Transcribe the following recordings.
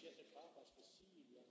Siete Papas, Basilia,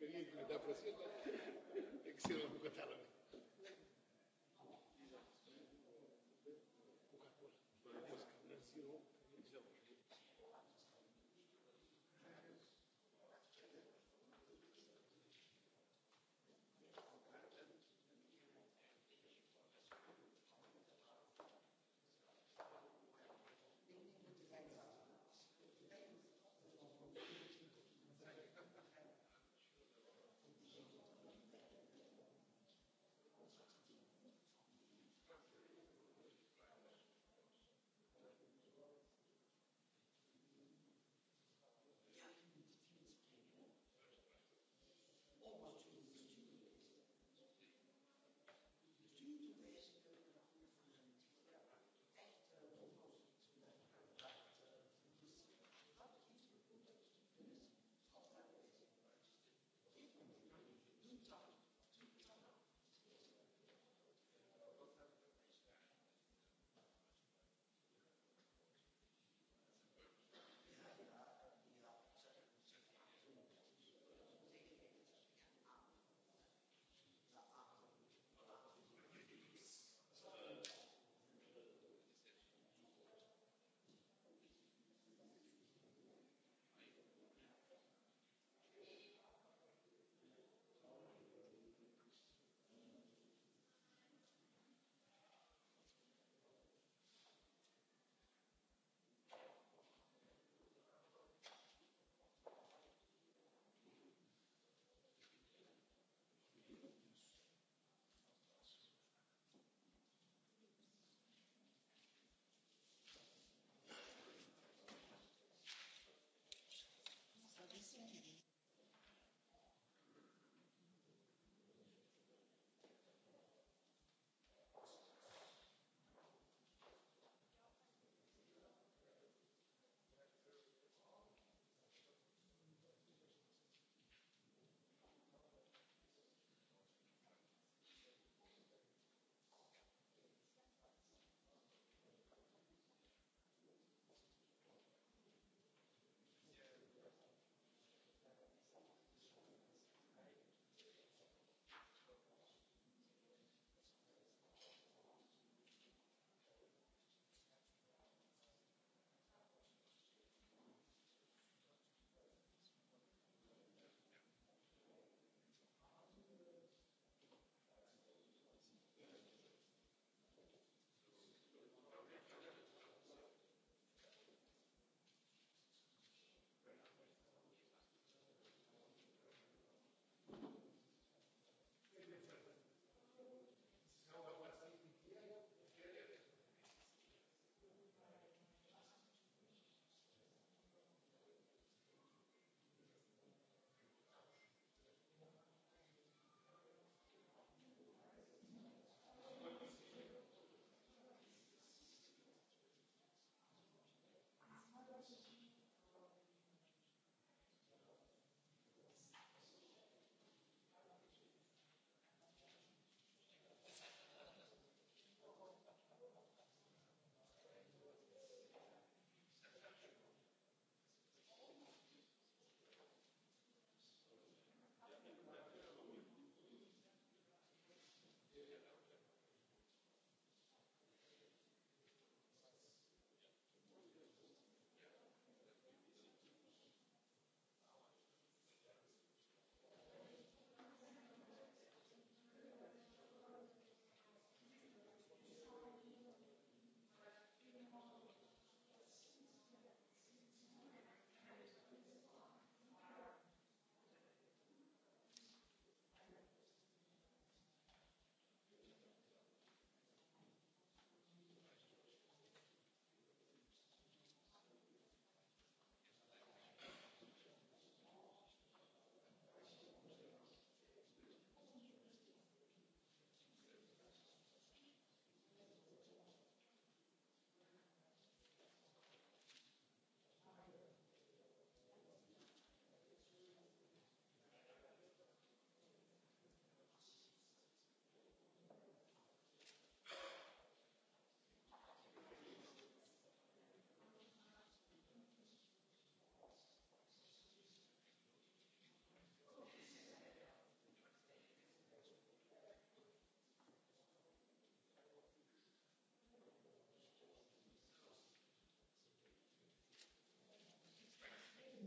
Perché la presenta e che si era bucatala.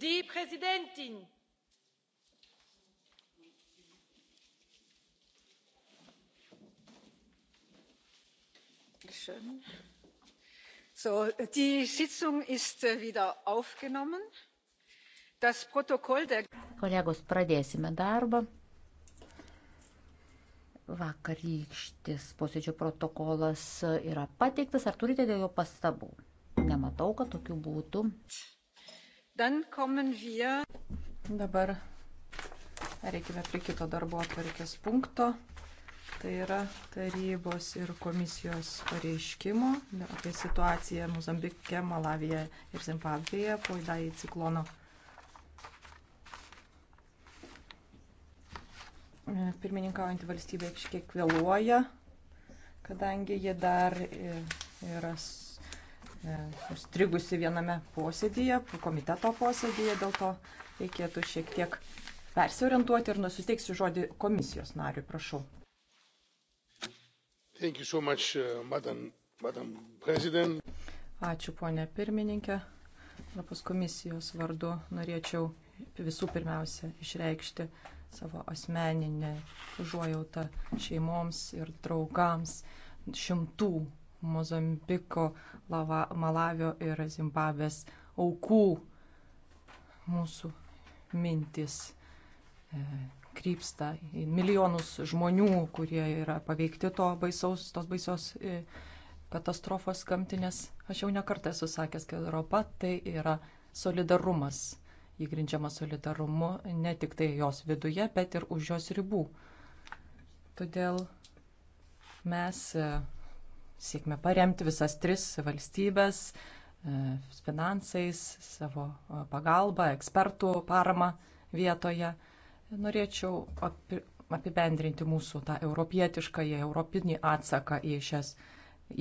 die präsidentin! So, die sitzung ist äh, wieder aufgenommen. das protokoll der. kolegos pradėsime darbą. vakarykštis posėdžio protokolas äh, yra pateiktas ar turite dėl jo pastabų? nematau kad tokių būtų. Dabar reikime prie kito darbo atvarkės punkto. Tai yra tarybos ir komisijos pareiškimo apie situaciją Mozambike, Malavijoje ir Zimbabvėje po įdai ciklono. Pirmininkaujantį valstybę kiek vėluoja, kadangi jie dar yra E, strigusi viename posėdėje, komiteto posėdėje, dėl to reikėtų šiek tiek persiorientuoti ir nusiteiksiu žodį komisijos nariui, prašau. So much, uh, madam, madam President. Ačiū, ponė pirmininkė. Europos komisijos vardu norėčiau visų pirmiausia išreikšti savo asmeninę užuojautą šeimoms ir draugams šimtų Mozambiko, Lava, Malavio ir Zimbabvės aukų. Mūsų mintis e, krypsta į milijonus žmonių, kurie yra paveikti to baisaus, tos baisios e, katastrofos gamtinės. Aš jau nekartą esu sakęs, kad Europa tai yra solidarumas. Jį grindžiama solidarumu ne tik tai jos viduje, bet ir už jos ribų. Todėl mes e, siekime paremti visas tris valstybės e, finansais, savo e, pagalba, ekspertų parama vietoje. Norėčiau apibendrinti mūsų tą europietišką, europinį atsaką į šias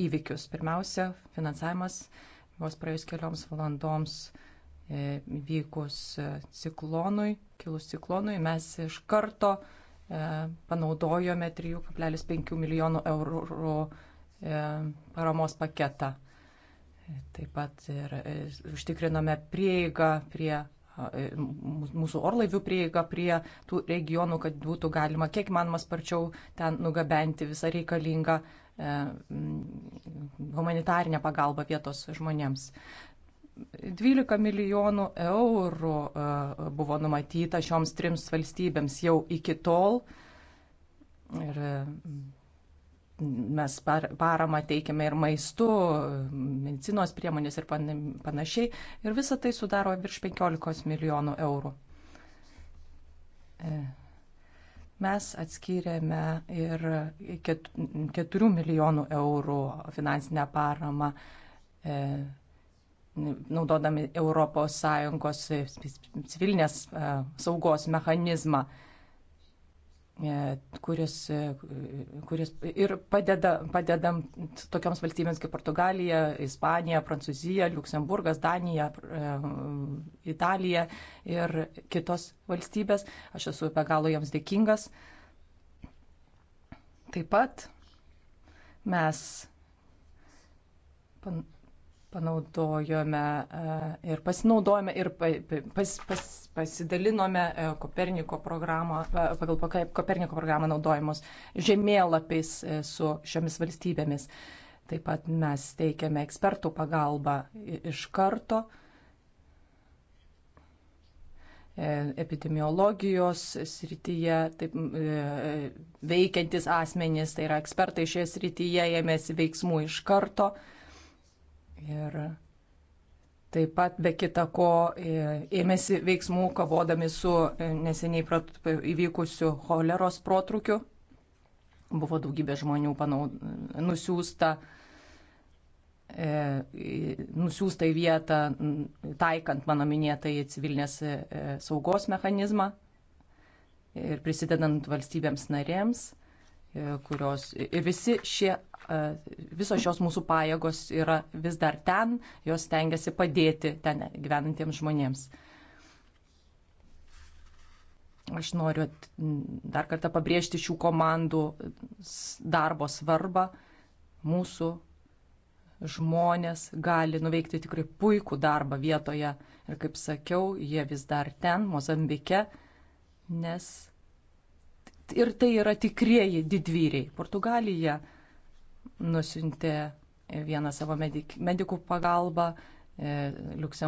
įvykius. Pirmiausia, finansavimas vos praėjus kelioms valandoms e, vykus ciklonui, kilus ciklonui, mes iš karto panaudojome 3,5 milijonų eurų E, paramos paketą. Taip pat ir e, užtikriname prieigą prie e, mūsų orlaivių prieiga prie tų regionų, kad būtų galima kiek manoma sparčiau ten nugabenti visą reikalingą humanitarinę pagalbą vietos žmonėms. 12 milijonų eurų buvo numatyta šioms trims valstybėms jau iki tol. Ir Mes paramą teikiame ir maistu, medicinos priemonės ir panašiai. Ir visa tai sudaro virš 15 milijonų eurų. E, mes atskyrėme ir 4 milijonų eurų finansinę paramą e, naudodami ES civilinės e, saugos mechanizmą. E, kuris, e, kuris ir padeda, padedam tokioms valstybėms kaip Portugalija, Ispanija, Prancūzija, Luksemburgas, Danija, e, Italija ir kitos valstybės. Aš esu be galo jiems dėkingas. Taip pat mes panaudojome e, ir pasinaudojome ir pas, pas, pasidalinome e, e, Koperniko programą, pagal Koperniko programą naudojimus žemėlapiais su šiomis valstybėmis. Taip pat mes teikiame ekspertų pagalbą iš karto epidemiologijos srityje taip, veikiantis asmenys, tai yra ekspertai šioje srityje, ėmėsi veiksmų iš karto. Ir taip pat be kita ko ėmėsi veiksmų kovodami su e, neseniai įvykusiu choleros protrukiu. Buvo daugybė žmonių panaud... nusiųsta e, nusiųsta į vietą, taikant mano minėtąjį civilinės e, saugos mechanizmą ir prisidedant valstybėms narėms. E, kurios ir e, e, visi šie, visos šios mūsų pajėgos yra vis dar ten, jos tengiasi padėti ten gyvenantiems žmonėms. Aš noriu dar kartą pabrėžti šių komandų darbo svarbą. Mūsų žmonės gali nuveikti tikrai puikų darbą vietoje. Ir kaip sakiau, jie vis dar ten, Mozambike, nes ir tai yra tikrieji didvyriai. Portugalija nusintė vieną savo medikų pagalbą, e, Liuksemburgas.